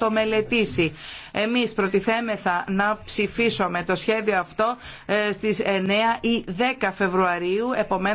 το μελετήσει. Εμείς προτιθέμεθα να ψηφίσουμε το σχέδιο αυτό ε, στις 9 ή 10 Φεβρουαρίου, επομένως